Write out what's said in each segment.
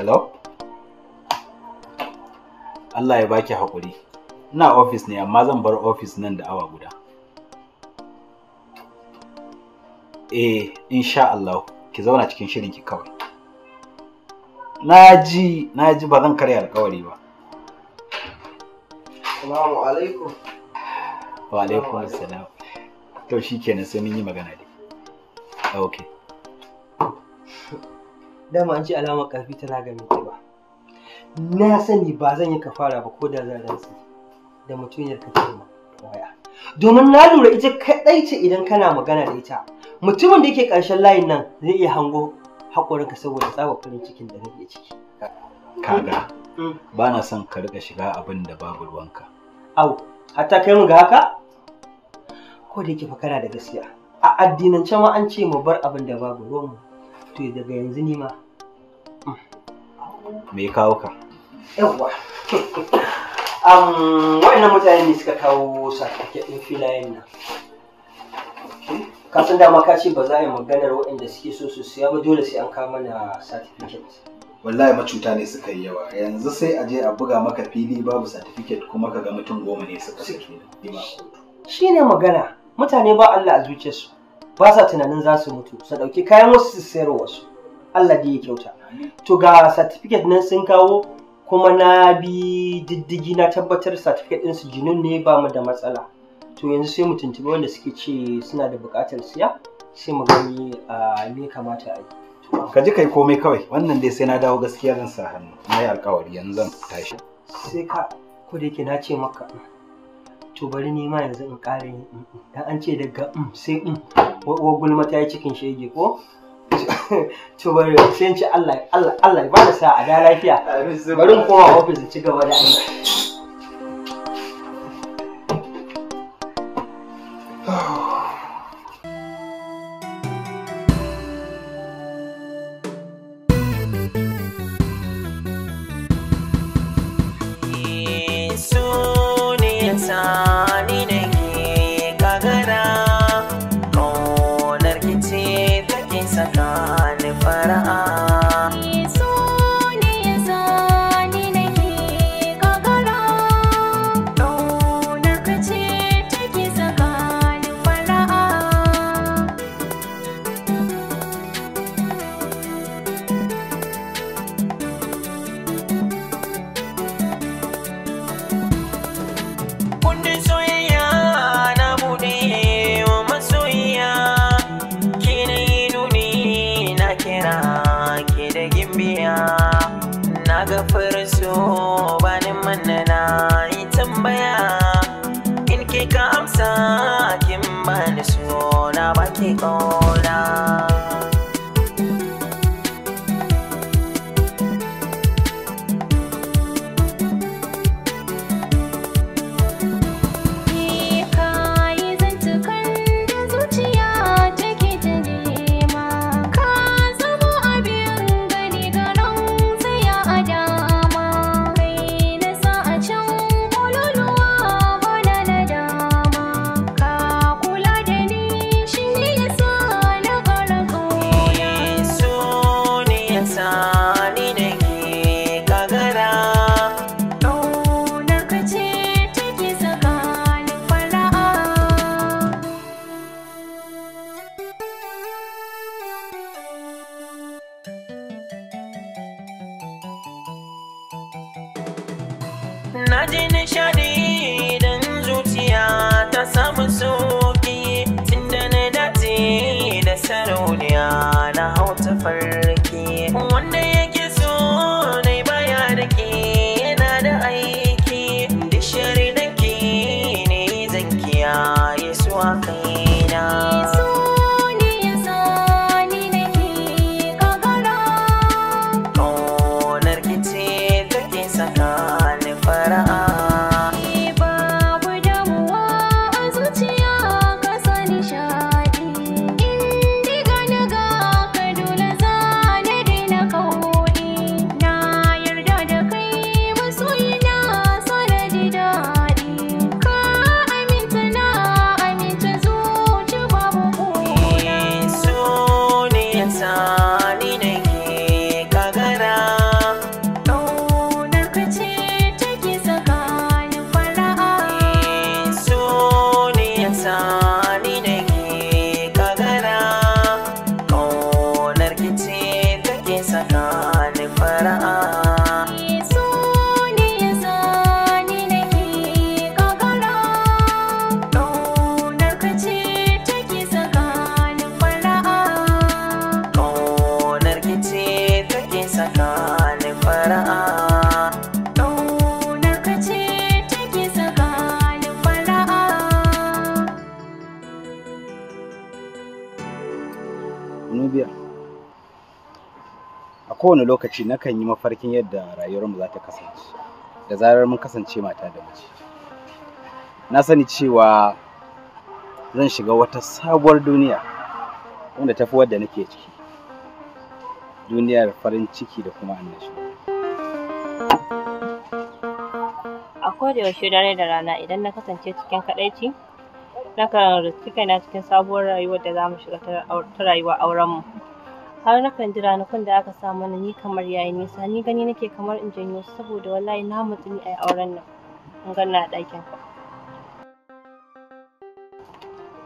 hello Allah ya baki hakuri, ina ofis ne amma zan bar ofis nan da awa guda eh insha Allah ki zauna cikin shirin ki kawai naji naji ba zan karya alƙawari ba Assalamu alaikum wa alaikum assalam to shikenan sai mun yi magana dai okay dama an ce alamar karfi tana ga mai kiba na sani ba zan yi kafara ba ko da zan rantsi da mutuniyar ka ma waya domin na lura ita kadai ce idan kana magana da ita mutumin da yake karshen layin nan zai iya hango haƙorinka saboda tsabar farin cikin da nake ciki kaga mm. ba na son ka riƙa shiga abin da babu ruwanka au hatta kai mu ga haka ko da yake fa kana da gaskiya a addinance ma an ce mu bar abin da babu ruwanmu to daga yanzu ni ma me kawo ka yawwa um, waɗannan mutane ne suka kawo sakakken filayen nan ka san dama ka ce ba za a yi maganar waɗanda suke so su siya ba dole sai an kawo mana certificate wallahi macuta ne suka yi yawa yanzu sai a je a buga maka fili babu certificate kuma ka ga mutum goma ne suka saki shi ne magana mutane ba Allah a zuciyarsu ba sa tunanin za su mutu su ɗauki kayan wasu su sayar wasu Allah ya kyauta to ga certificate nan sun kawo kuma na bi diddigi na tabbatar certificate su jinin ne ba mu da matsala to yanzu sai mu tuntuɓi wanda suke ce suna da buƙatar siya sai mu gani a me kamata a yi ka ji kai komai kawai wannan dai sai na dawo gaskiya zan sa hannu na yi alkawari yanzu zan tashi sai ka ko da yake na ce maka to bari ni ma yanzu in ƙara dan an ce daga mm, sai in mm. wa gulma ta cikin shege ko to bari sai ci Allah Allah Allah ba da sa'a da lafiya bari kuma office ci gaba da aiki kowane lokaci na kan yi mafarkin yadda rayuwarmu za ta kasance da zarar mun kasance mata da mace na sani cewa zan shiga wata sabuwar duniya wanda tafi wadda nake ciki duniyar farin ciki da kuma annashuwa a yaushe dare da rana idan na kasance cikin kadaici na kan kaina cikin sabuwar rayuwar da za mu shiga ta rayuwar aurenmu har na kan ji ranakun da aka sa mana ni kamar yayi nisa ni gani nake kamar in janyo saboda wallahi na mutu ni a auren nan in ga a ɗakin ka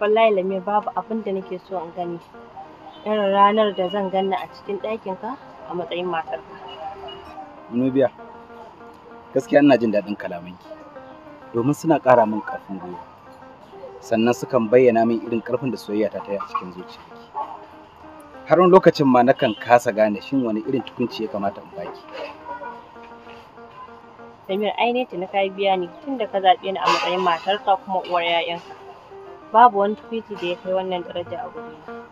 wallahi lamir babu abin da nake so in gani irin ranar da zan ganna a cikin dakin ka a matsayin matar ka Nubiya gaskiya ina jin daɗin ki, domin suna ƙara min ƙarfin gwiwa sannan sukan bayyana min irin ƙarfin da soyayya ta yi a cikin zuciya har lokacin ma nakan kasa gane shin wani irin tukunci ya kamata in baki Samir ai ne tuni ka biya ni tunda ka zaɓe ni a matsayin matarka kuma uwar 'ya'yanka babu wani tukunci da ya kai wannan daraja a gurina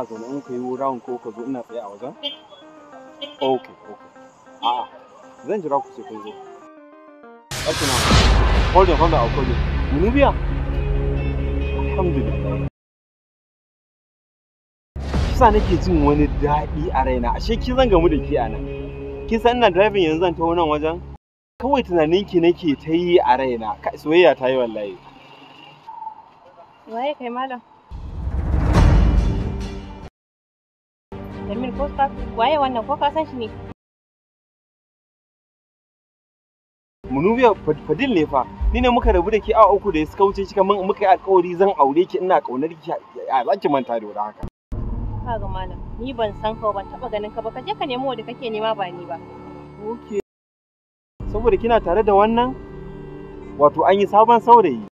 ina zaune in ka yi rawun ko ka zo ina tsaye a wajen Ok, ok. a'a zan jira ku sai kun zo Ok, na. hold on hold on i'll call you munubiya alhamdulillah kisa nake jin wani daɗi a raina ashe ki zan gamu da ke a nan kin san ina driving yanzu zan ta wannan wajen kawai tunaninki nake ta yi a raina soyayya ta yi wallahi waye kai malam Jamil ko ka waye wannan ko ka san shi ne? Munubiya Fadil ne fa ni ne muka rabu da ke awa uku da suka wuce cika? mun muka yi alƙawari zan aure ki ina ƙaunar ki a zaki manta da wuri haka. Ka ga malam ni ban san ka ban taɓa ganin ka ba ka je ka nemi wanda kake nema ba ni ba. Oke. Saboda kina tare da wannan wato an yi sabon saurayi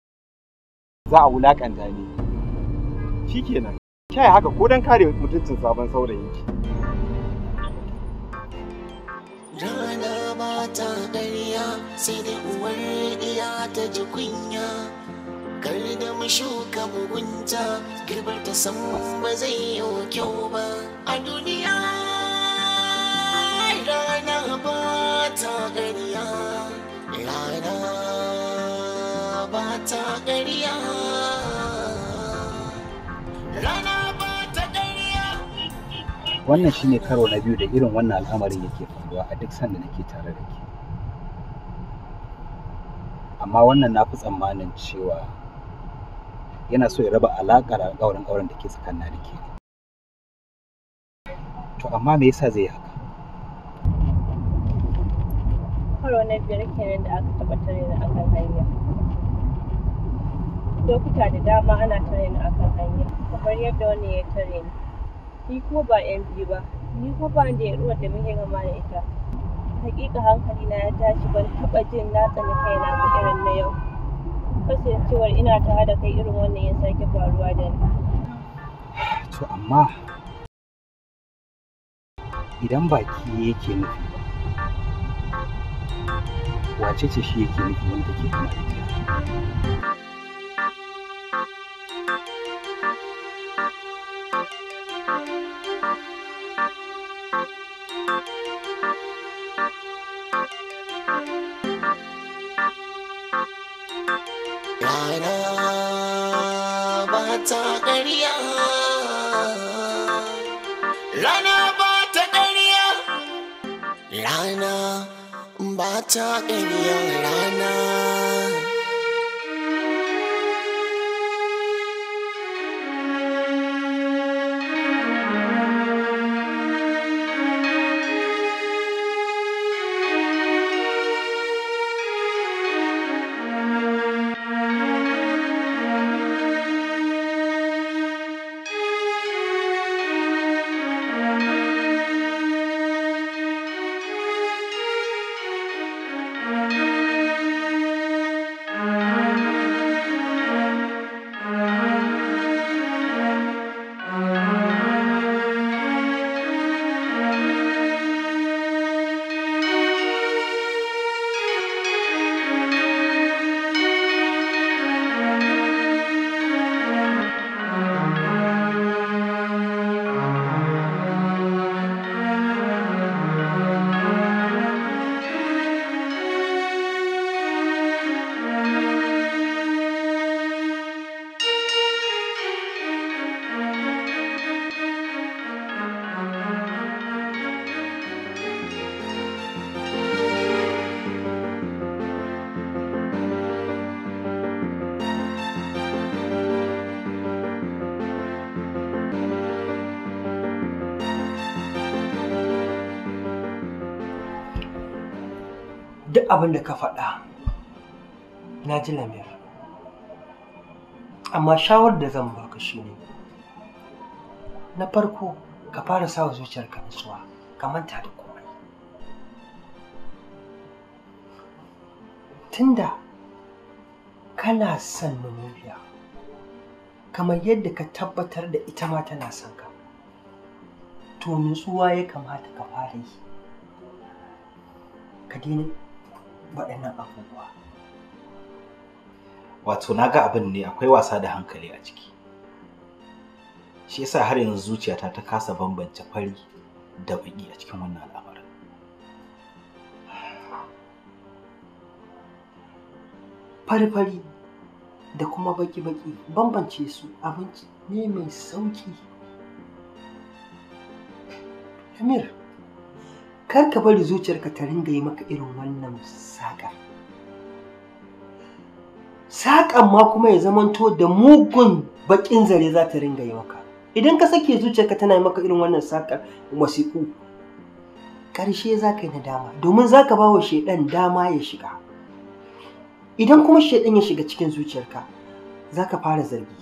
za a wulaƙanta ne. Shikenan. Kyai haka ko dan kare mutuncin sabon saurayin ki. Rana ba ta ɗariya sai dai uwar iya ta ji kunya. Kar da mu shuka mugunta girbar ta san ba zai yi kyau ba a duniya. Rana ba ta ɗariya, rana ba ta ɗariya. Rana wannan shine karo na biyu da irin wannan al'amarin yake faruwa a duk sanda nake tare da ke amma wannan na fi tsammanin cewa yana so ya raba alaƙar alƙawarin auren da ke tsakanin da ke to amma me yasa zai haka karo na biyar kenan da aka tabbatar ni akan hanya lokuta da dama ana tare ni akan hanya kamar yadda wani ya tare ni ni kuma ba yan biyu ba ni kuma ba da yarwar da muke gama da ita hakika hankali na ya tashi ban taba jin na tsani kaina ba irin na yau kasancewar ina ta da kai irin wannan ya sake faruwa da ni to amma idan baki yake nufi wace ce shi yake nufi wanda ke kuma ita Rana ba ta ƙarya Rana ba ta ƙarya Rana ba ta ƙarya Rana duk abin da ka faɗa na ji lamir amma shawar da zan baka ne, na farko ka fara sa sawa zuciyarka nutsuwa ka manta da komai tunda kana son manuriya kamar yadda ka tabbatar da ita ma tana son ka to nutsuwa ya kamata ka fara yi ka daina waɗannan abubuwa wato na ga abin ne akwai wasa da hankali a ciki shi yasa har yanzu zuciyata ta kasa bambance fari da baƙi a cikin wannan al'amarin fari-fari da kuma baƙi-baƙi bambance su abinci ne mai sauƙi. Amir. kar ka bari zuciyarka ta ringa yi maka irin wannan saƙa saƙan ma kuma ya zamanto da mugun baƙin zare za ta ringa yi maka idan ka sake zuciyarka tana yi maka irin wannan saƙar wasiƙu ƙarshe za ka yi nadama domin za ka ba wa shaiɗan dama ya shiga idan kuma shaiɗan ya shiga cikin zuciyarka za ka fara zargi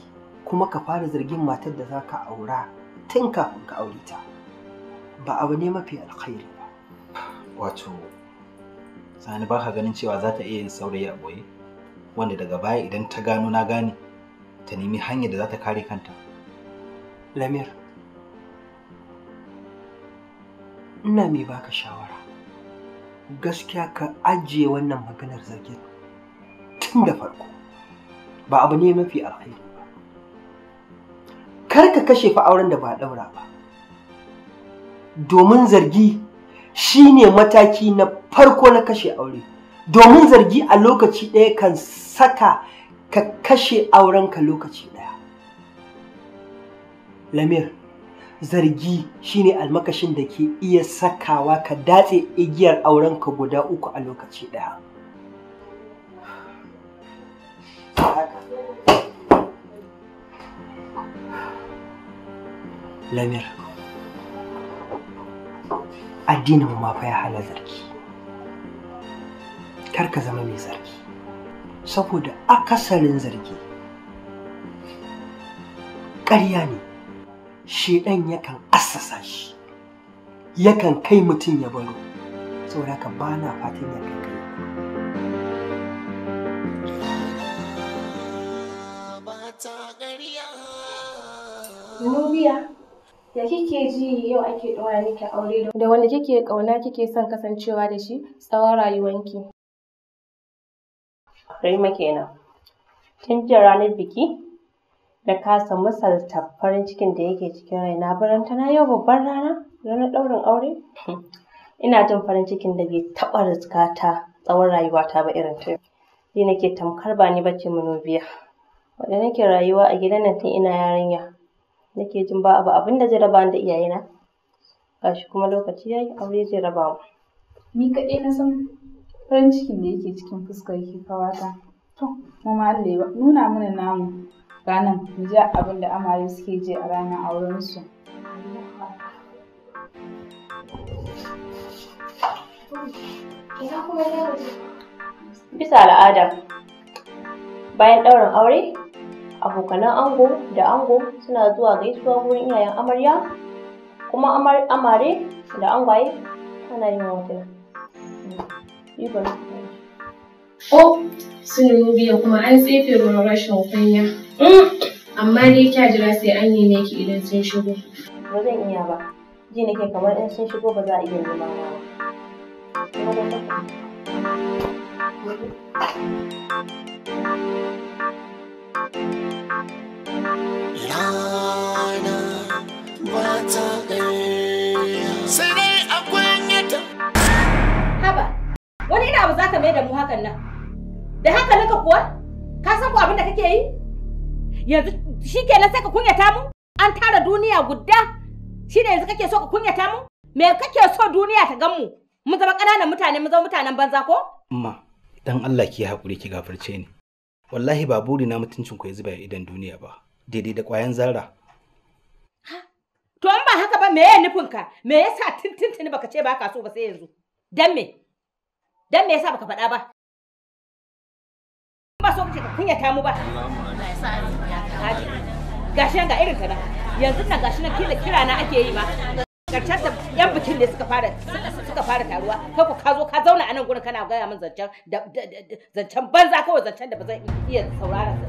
kuma ka fara zargin matar da za ka aura tun kafin ka aure ta ba abu ne mafi alkhairi wato sani ba ka ganin cewa za ta iya yin saurayi a ɓoye wanda daga baya idan ta gano na gane ta nemi hanyar da za ta kare kanta lamir ina mai baka shawara gaskiya ka ajiye wannan maganar zargin tun da farko ba abu ne mafi alhairi ba kar ka kashe fa auren da ba daura ba domin zargi Shi ne mataki na farko na kashe aure domin zargi a lokaci ɗaya kan saka ka kashe aurenka lokaci ɗaya lamir zargi shine almakashin da ke iya sakawa ka datse igiyar aurenka guda uku a lokaci ɗaya lamir addinin mu ma fa ya hala zarki kar ka zama mai zarki saboda akasarin zargi ƙarya ne shedan yakan assasa shi yakan kai mutum ya baro saboda ka ba na fatan ya kai Nubia. Ya kike ji yau ake ɗora miki aure da wanda kike ƙauna kike son kasancewa da shi tsawon rayuwanki? Rima kenan. Tun jiya ranar biki na kasa misalta farin cikin da yake cikin raina na yau babban rana ranar ɗaurin aure. Ina jin farin cikin da bai taɓa ta tsawon rayuwata ba irin ta yau. Ni nake tamkar ba ni bace biya. Wanda nake rayuwa a gidan nan tun ina yarinya. nake jin ba abu abin da zai raba ni da iyayena gashi kuma lokaci yayi aure zai mu ni kaɗai na san farin cikin da yake cikin fuskar ki kawata to mu ma Allah ya nuna mana namu ranan mu ji abin da amare suke je a ranar auren su Bisa al'ada, bayan ɗaurin aure, abokanan ango da ango suna zuwa gaisuwa wurin iyayen amarya kuma amare da angwaye ana yin wata o sun biya kuma an tsefe ruwan rashin kunya amma dai kya jira sai an yi ki idan sun shigo ba zan iya ba ji nake kamar in sun shigo ba za a iya nema ba Thank you. wani iri ba za da mu hakan nan da hankalinka kuwa ka san ko abin da kake yi yanzu shikenan sai ka kunyata mu an tara duniya guda shine yanzu kake so ka kunyata mu me kake so duniya ta gan mu mu zama ƙananan mutane mu zama mutanen banza ko amma dan Allah ki hakuri ki gafarce ni wallahi ba buri na mutuncin ku ya zuba idan duniya ba daidai da ƙwayan zarra. To an ba haka ba me ya nufin ka? Me yasa tintintini baka ce ba ka so ba sai yanzu? Dan me? Dan me yasa baka faɗa ba? Ba so kace ka kunyata mu ba. Gashi ga irin ta da Yanzu nan gashi na kila kira na ake yi ma. Karshen ta yan bikin ne suka fara suka fara taruwa. Kai ku ka zo ka zauna a nan gurin kana gaya min zancen zancen banza kawai zancen da ba zan iya saurara ba.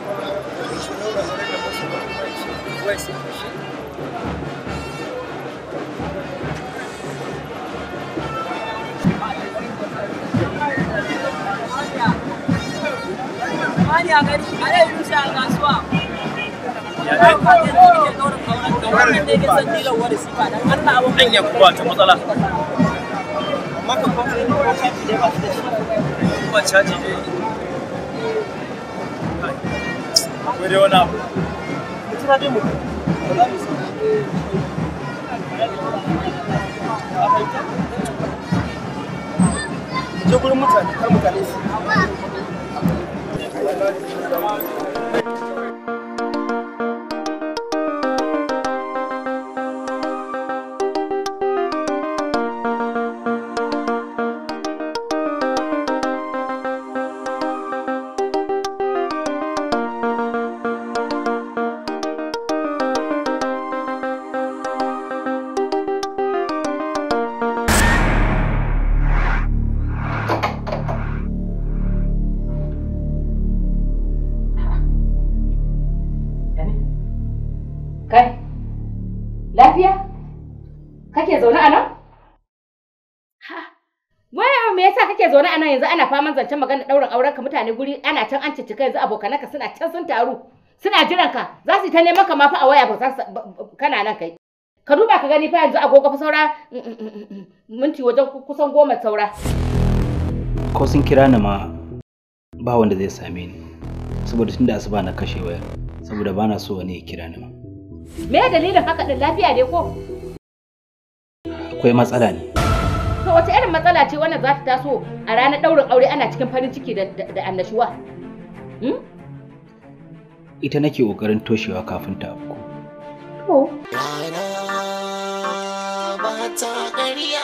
Ouais, c'est compliqué. Mani a a Ya da ke daurin kauran ka wannan da yake son wani sifa dan Allah ta matsala. kuma ne ko da ba ta shi. Kuma caji dai. Ko wani abu. na dai mutum ba za mu san je gurin mutane kar su mutane guri ana can an cicika yanzu ka, suna can sun taru suna jiran ka za su ta neman ka ma fa a waya ba za su kana nan kai ka duba ka gani fa yanzu agogo fa saura mm, mm, mm, minti wajen kusan goma saura ko sun kira ni ma ba wanda zai same ni saboda tunda asuba na kashe wayar saboda bana so wani ya kira ni ma me dalilin haka din lafiya ne ko akwai matsala ne matsala ce wannan za ta taso a ranar ɗaurin aure ana cikin farin ciki da annashuwa hmm? ita nake ƙoƙarin toshewa kafin ta afku to rana ba ta ƙarya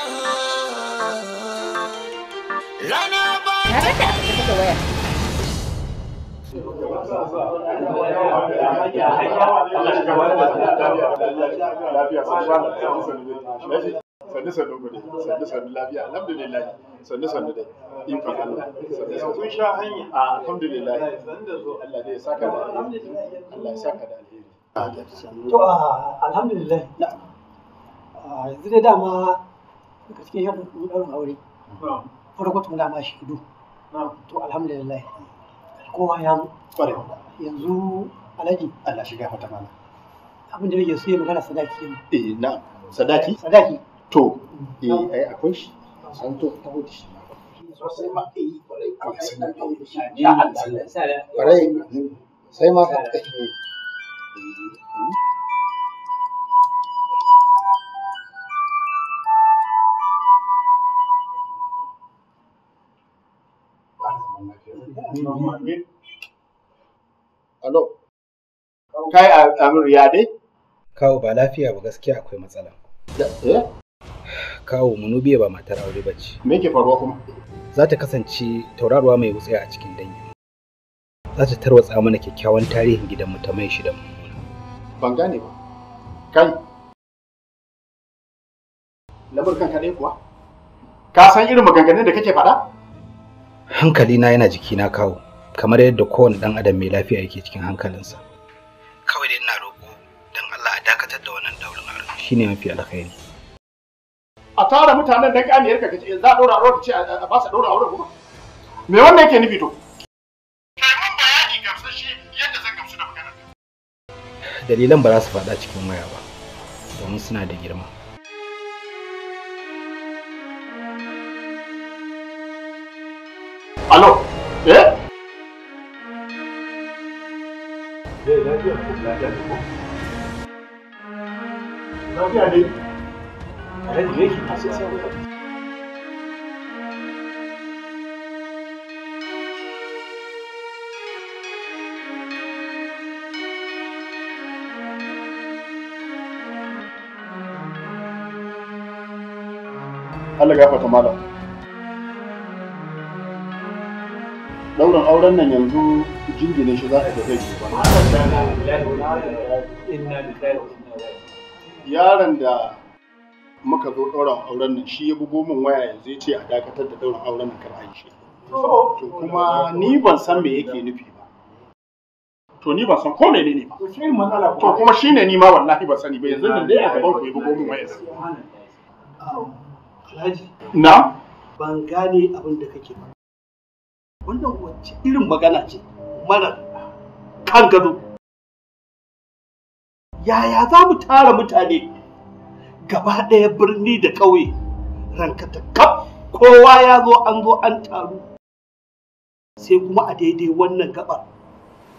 sannu sannu mu dai sannu sannu lafiya alhamdulillah sannu sannu dai ikon Allah sannu sannu kun sha hanya a alhamdulillah Allah dai ya saka da alheri Allah ya saka da alheri to yanzu dai dama daga cikin shirin ɗaurin aure farko tun dama shaidu to kowa ya zo yanzu alaji Allah shiga fata mana abin da nake so yi magana sadaki eh na sadaki sadaki to eh akwai shi an to ta hudu shi sosai sai ma eh, kwarai sai ma Alo. Eh. Kai ya dai? Kawo ba lafiya ba gaskiya akwai matsala. Eh? kawo munubiya ba matar aure ba ce. Me yake faruwa kuma? Za ta kasance tauraruwa mai wutsaya a cikin dangi. Za ta tarwatsa mana kyakkyawan tarihin gidanmu ta mai shidan. Ban gane ba. Kai. ka ne kuwa? Ka san irin maganganun da kake faɗa? Hankalina yana jikina kawo, kamar yadda kowane ɗan adam mai lafiya yake cikin hankalinsa. Kawai dai ina roƙo don Allah a dakatar da wannan daurin aure. Shine mafi alkhairi. a tara mutanen dan kaniyar ka kace za a dora aure kace a ba sa dora aure me wannan yake nufi to kai bayani gamsa shi yadda zan gamsu da magana dalilan ba za su faɗa cikin waya ba domin suna da girma Alo, eh? Eh, lafiya ko lafiya ko? Lafiya ne. alhaji me yake sai sai abubakar ga gafarta malam. Dauran auren nan yanzu jingine shi za a tafi shi Yaron da aka zo ɗauran auren nan shi ya bugo min waya yanzu ya ce a dakatar da ɗauran auren nan kar a shi to kuma ni ban san me yake nufi ba to ni ban san ko mene ne ba to kuma ne ni ma wallahi ban sani ba yanzu nan dai a gaban ku ya bugo min waya Alhaji. Na? Ban gane abin da kake ba. Wannan wacce irin magana ce mara kan gado. Yaya za mu tara mutane gaba ɗaya birni da ƙauye ranka ta kaf kowa ya zo an zo an taru sai kuma a daidai wannan gaba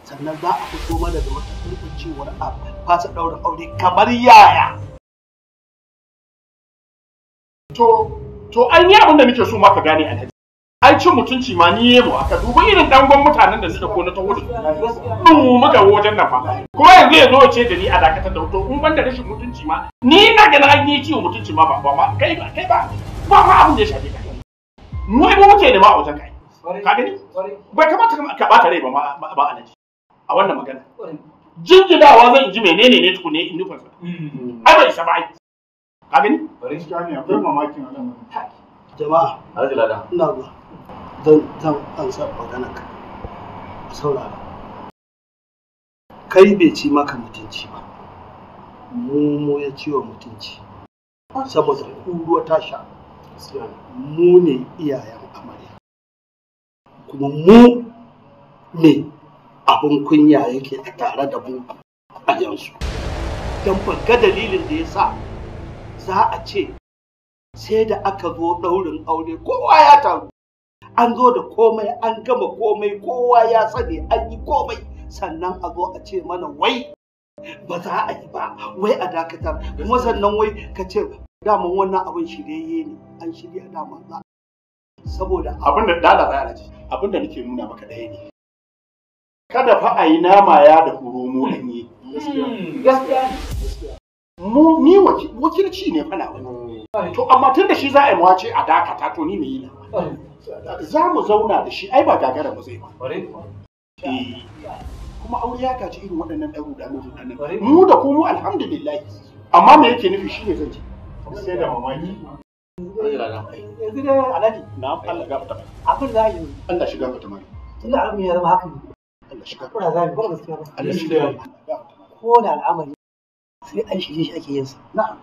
sannan za a fito mana da wata kurkucewar a fasa ɗaura aure kamar yaya to to an yi abin da muke so ma ka gane alhaji ai cin mutunci ma ni yemo aka duba irin dangon mutanen da suka kona ta wurin mu muka wajen nan fa kuma yanzu ya zo ce da ni a dakatar da hoto in ban da rashin mutunci ma ni na ga an yi ciwo mutunci ma ba ba ma kai ba kai ba ba ma abin da ya shafe ka mu ai muke da ma a wajen kai ka gani bai kamata ka bata rai ba ma ba naji a wannan magana jinjidawa zan ji menene ne tukune in nufin sa mm. ai bai isa ba ai ka gani bari shi ne akwai mamakin alamun jama'a alhaji ladan ina zan zan ansa maganar ka saurara kai bai ci maka mutunci ba mu ya ci wa mutunci saboda kuruwa ta sha mu ne iyayen amarya kuma mu ne abin kunya yake a tare da mu a yanzu don ga dalilin da ya sa za a ce sai da aka zo ɗaurin aure kowa ya taru an zo da komai an gama komai kowa ya sani an yi komai sannan a zo a ce mana wai ba za a yi ba wai a dakatar kuma sannan wai ka ce daman wannan abin shirye ne an shirya daman za saboda abin da dala ba alaji abin da nake nuna maka ɗaya ne kada fa a yi nama ya da mu an yi gaskiya hmm. mu ni wakilci ne fa na wani hmm. to amma tun da shi za a yi mawace a dakata to ni me yi na za mu zauna da shi ai ba gagara ba, zai ba eh, kuma aure ya gaji irin waɗannan ɗan rudanin rudanin mu da ku mu alhamdulillah amma me yake nufi shine zan ce sai da mamaki yanzu dai alhaji na Allah ga fata abin da yi Allah shiga fata mai tunda abin ya zama haka ne Allah shiga kuna zabi ba gaskiya ba Allah shiga ko da al'amari sai an shirye shi ake yin sa na'am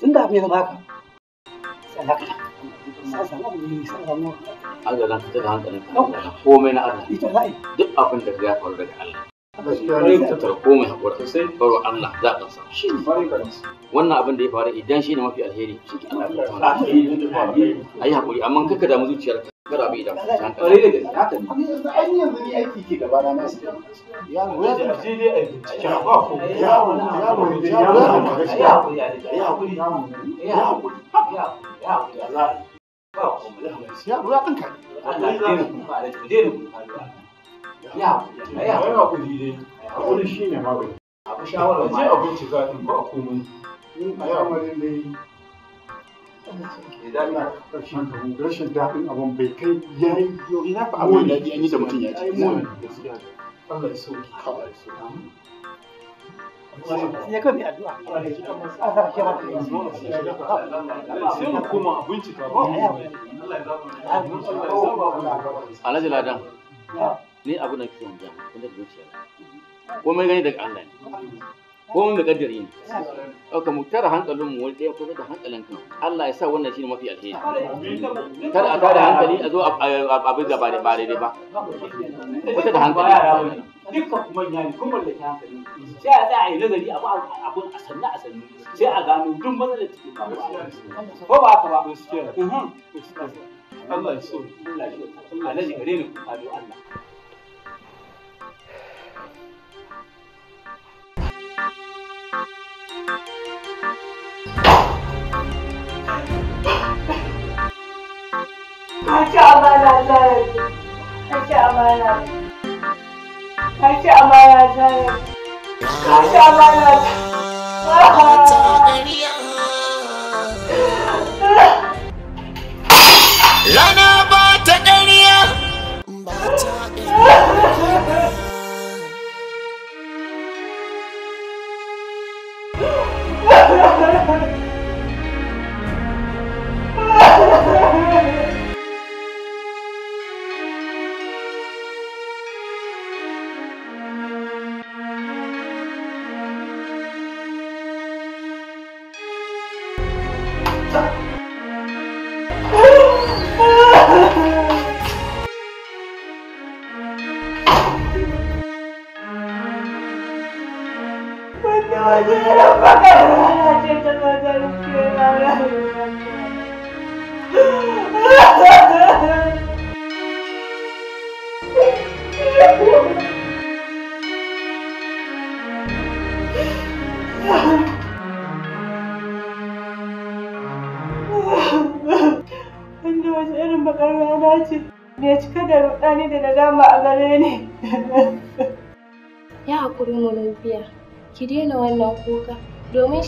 tunda abin ya zama haka sai Allah ka Allah na fitar da hankalin ka komai na Allah duk abin da ya faru daga Allah gaskiya ta komai hakuri sosai baro Allah za ka samu shi wannan abin da ya faru idan shi ne mafi alheri shi ke Allah ya a yi hakuri amma kaka damu zuciyarka rabi da kwarai da gaske an yanzu ni aiki ke gaba na nasu yaro ya zama sai dai a bincike ba ko yaro yaro yaro ya hakuri ya hakuri ya hakuri ya hakuri ya hakuri ya za ba ko yaro ya kanka Allah ya dena ku fara ku dena ku fara ya hakuri ya hakuri dai hakuri shine magani abu shawara ma sai a bincika din ba komai in al'amarin dai rashin daɗin abin da ya Allah ya sauki ni abu na kiyon jam wanda zuciya komai gani daga Allah ne ko mun kadari ne ka mu tara hankalin mu wani ɗaya ko da hankalin kan. Allah ya sa wannan shi ne mafi alheri kada a tada hankali a zo a bi gaba da ba daidai ba wata da hankali dukkan kuma yani kun mallaki hankali sai a tsaya a yi nazari a abun a sanna a sanni sai a gano duk matsalar cikin ba ko ba ka ba Allah ya so Allah ya so Allah ya gare ni ku Allah Ka ci amana ta yanzu. Ka ci amana. Ka ci amana ta yanzu. Ka ci amana ta.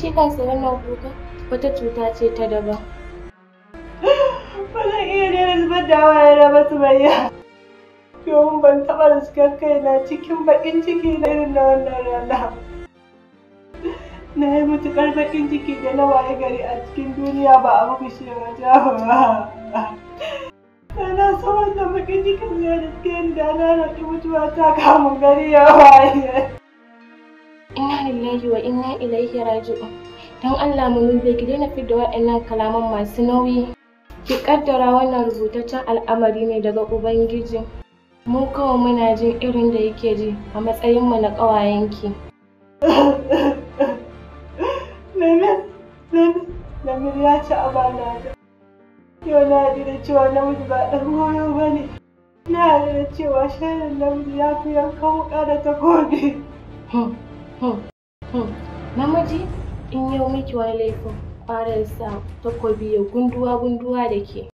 shi kansa wannan kuka. wata cuta ce ta daban. Ba zan iya daina zubar da hawaye na ba bayya. Domin ban taɓa kai kaina cikin baƙin ciki na irin na wannan rana. Na yi matuƙar baƙin ciki da na waye gari a cikin duniya ba a muku shi ba. Na so wannan baƙin cikin zai riske da na roƙi mutuwa ta kamun gari ya waye. inna lillahi wa inna ilaihi raji'un don Allah mu bai ki daina fidda waɗannan kalaman masu nauyi ki kaddara wannan rubutaccen al'amari ne daga ubangiji mu kawai muna jin irin da yake ji a matsayin mu na ƙawayenki nene Nana, Namir ya ci amana da. Yau na ji da cewa namiji ba ɗan goyo ba ne. Na ji da cewa sharin namiji ya fi yankan wuƙa da takobi. Hmm. Namiji in yau miki wani laifin ƙwarar sa takobi ya gunduwa-gunduwa da ke.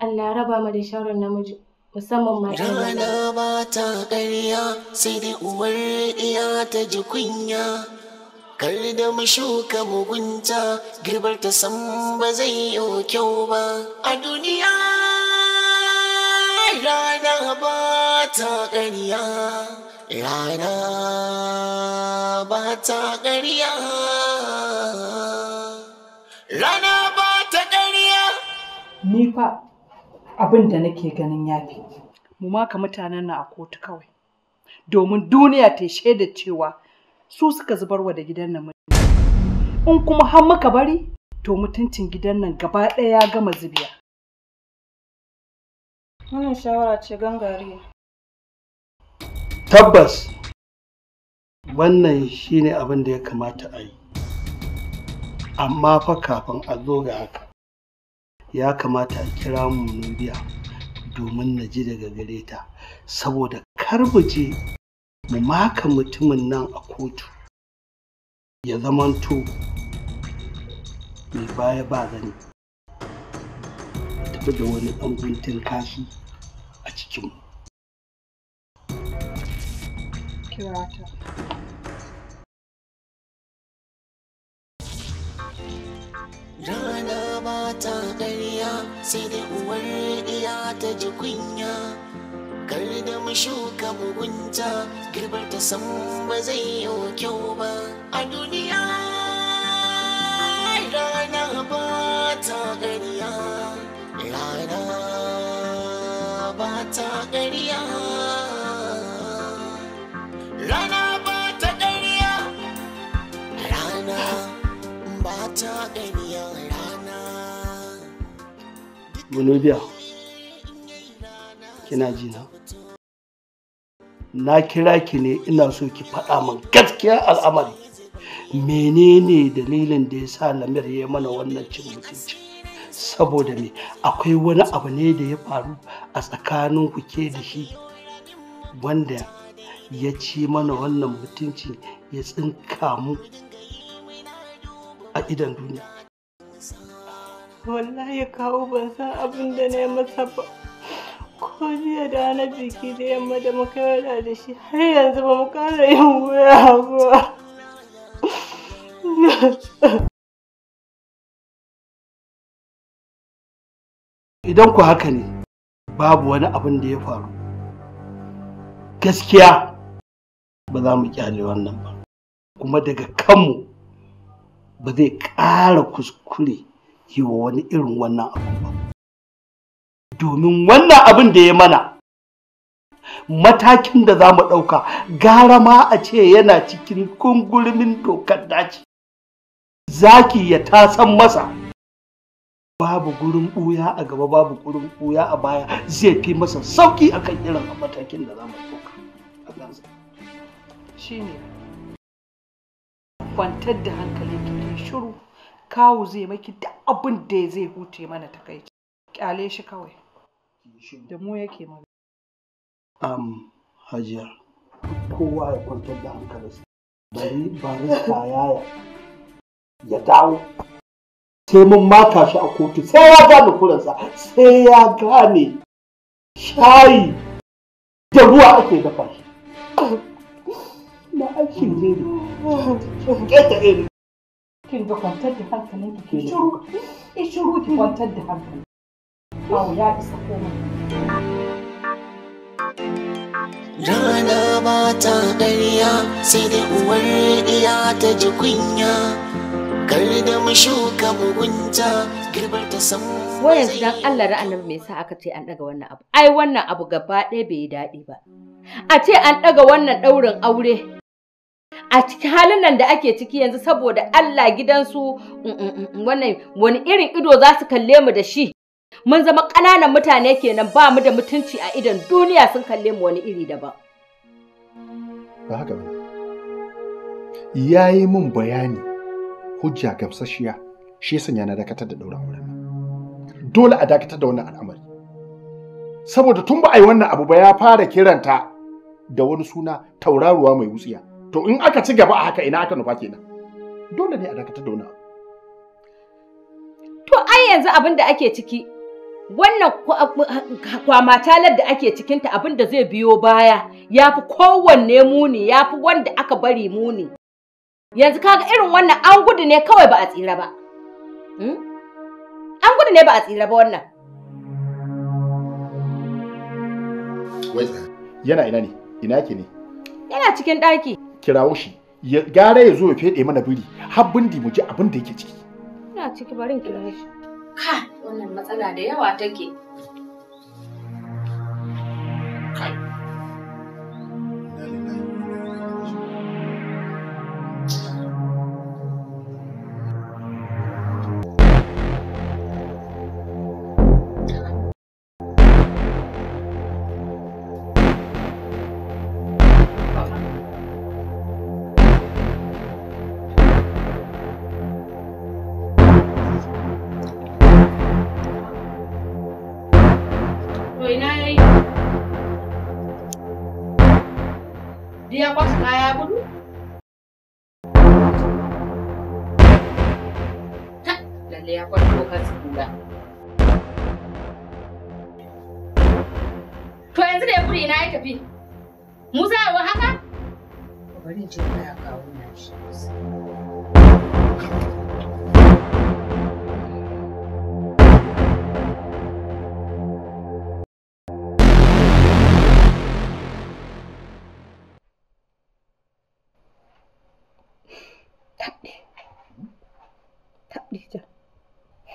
Allah raba ma da sharon namiji. musamman ma rana ba ta ƙarya sai dai uwar iya ta ji kunya kar da mu shuka mugunta girbar ta san ba zai yi kyau ba a duniya rana ba ta ƙarya rana ba ta ƙarya rana ba ta ƙarya ni fa abin da nake ganin ya fi mu maka mutanen na a kotu kawai domin duniya ta shaida cewa su suka zubar wa da gidan nan in kuma har muka bari to mutuncin gidan nan gaba ɗaya gama zubiya wannan shawara ce gangare tabbas wannan shine abin da ya kamata a yi amma fa kafin a zo ga haka ya kamata a kira mu biya domin na ji daga gare ta saboda kar mu je mu maka mutumin nan a kotu ya zamanto mai baya ba zani tafi da wani ɗan guntun kashi a cikinmu Rana ba ta ƙarya sai dai uwar iya ta ji kunya. Kar da mu shuka mugunta, girbar ta san ba zai yi kyau ba. A duniya rana ba ta ƙarya. Rana ba ta ƙarya. Zenobia, kina jina. Na kira ki ne ina so ki faɗa min gaskiya al'amari. Menene dalilin da ya sa Lamir ya mana wannan cin mutunci? Saboda me akwai wani abu ne da ya faru a tsakanin ku ke da shi wanda ya ci mana wannan mutunci ya tsinka mu a idan duniya. wallahi kawo ban san abin da na masa ba ko jiya da na biki da yamma da muka da shi har yanzu ba mu kara yin wuya ba idan ku haka ne babu wani abin da ya faru gaskiya ba za mu kyale wannan ba kuma daga kanmu ba zai ƙara kuskure yi wa wani irin wannan abin ba domin wannan abin da ya mana matakin da za mu ɗauka gara ma a ce yana cikin kungurmin dokar daji zaki ya tasan masa babu gurin ɓuya a gaba babu gurin ɓuya a baya zai fi masa sauki kan irin matakin da za mu ɗauka a Shi ne, kwantar da hankali ki shiru kawu zai maki duk abin da zai huce mana takaici kyale shi kawai da mu yake mana am hajiya kowa ya kwantar da hankalinsa bari barista yaya ya dawo sai mun mata shi a kotu sai ya gane kuransa sai ya gane shayi da ruwa ake dafa shi na aikin ƙeta ne kin ga kwantar da hankalin ki ki shiru ki shiru ki kwantar da hankali awo ya isa komai Rana ba ta ɗarya sai dai uwar iya ta ji kunya kar da mu shuka mugunta girbar ta samu wai yanzu dan Allah da annabi me yasa aka ce an daga wannan abu ai wannan abu gaba ɗaya bai yi daɗi ba a ce an daga wannan ɗaurin aure a cikin halin nan da ake ciki yanzu saboda Allah gidansu mm, mm, mm, wannan wani irin ido za su kalle mu da shi mun zama ƙananan mutane kenan ba mu da mutunci a idan duniya sun kalle mu wani iri daban ba haka ba ya yi min bayani hujja gamsashiya shi sanya na dakatar da ɗaurin wurin dole a dakatar da wannan al'amari saboda tun ba a yi wannan abu ba ya fara kiranta da wani suna tauraruwa mai wutsiya to in aka ci gaba a haka ina aka nufa kenan dole ne a dakatar da wani to ai yanzu abin da ake ciki wannan kwamatalar da ake cikinta abin da zai biyo baya ya fi kowanne muni ya fi wanda aka bari muni yanzu kaga irin wannan an gudu ne kawai ba a tsira ba hmm? an gudu ne ba a tsira ba wannan yana ina ne ina ke ne yana cikin ɗaki kirawo shi ya gara ya zo ya fede mana biri har bindi mu ji abin da yake ciki ina ciki barin kirawo shi ka wannan matsala da yawa take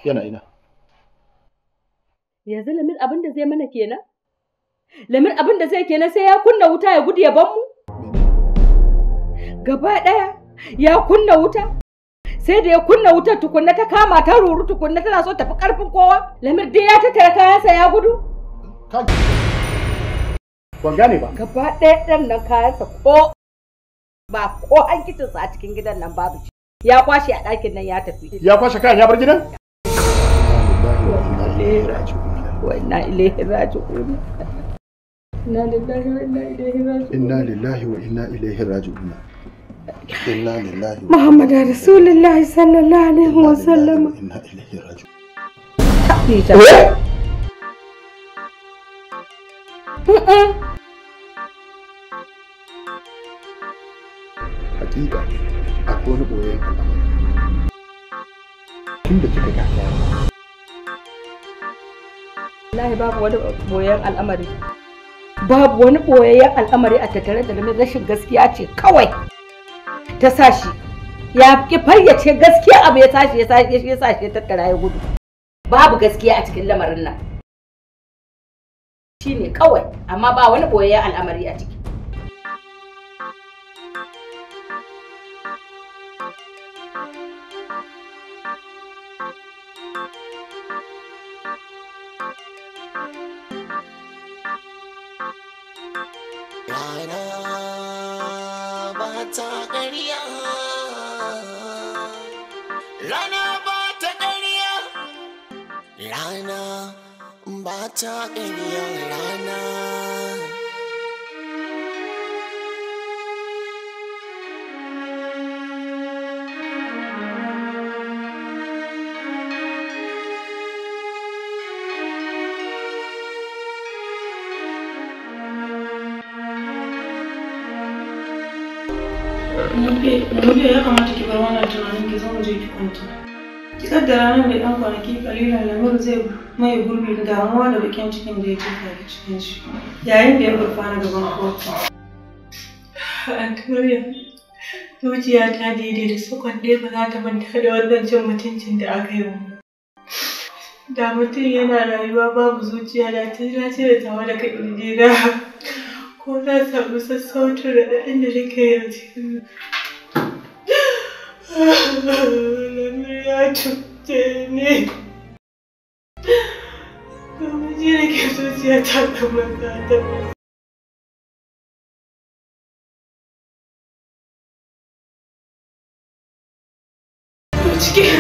yana ina yanzu lamir abin da zai mana kenan lamir abin da zai kenan sai ya kunna wuta ya gudu ya ban mu gaba ɗaya ya kunna wuta sai da ya kunna wutar tukunna ta kama ta ruru tukunna tana so tafi karfin kowa lamir dai ya tattara kayansa ya gudu ban gane ba gaba ɗaya ɗan nan kayansa ko ba ko an kitinsa a cikin gidan nan babu ya kwashe a ɗakin nan ya tafi ya kwashe kayan ya bar gidan ilaihi raji'un wa inna ilaihi raji'un inna lillahi wa inna ilaihi raji'un inna lillahi wa inna ilaihi raji'un inna lillahi muhammadu rasulullahi sallallahu alaihi wa sallam inna ilaihi raji'un Hakika akwai wani ɓoyayyen Wallahi babu wani boyayyen al'amari. Babu wani boyayyen al'amari a tattare da namin rashin gaskiya ce kawai ta sa shi. Ya ki fayyace gaskiya abu ya tashi ya sashi ya sashi ya tattara ya gudu. Babu gaskiya a cikin lamarin nan. Shi ne kawai amma ba wani boyayyen al'amari a ciki. Rana ba ta ƙarya Rana ba ta ƙarya Rana ba ta Rana Ramule ya kamata ki bar wannan tunanin ki zama je ki kwanta. Ki kaddara nan da ɗan kwanaki kalilan lamur zai mai gurbin damuwa da bakin cikin da ya jefa ki cikin shi. Yayin da ya gurfana gaban kotu. Antoniya, zuciya ta daidai da sakon ɗaya ba za ta manta da wannan cin mutuncin da aka yi mu. Da mutum yana rayuwa babu zuciya da ta ce da tawa daga ƙirjina. Ko za samu sassautar da ɗan da take yanzu. Lamir ya cuce ne. Domin ji da ke zuciya ta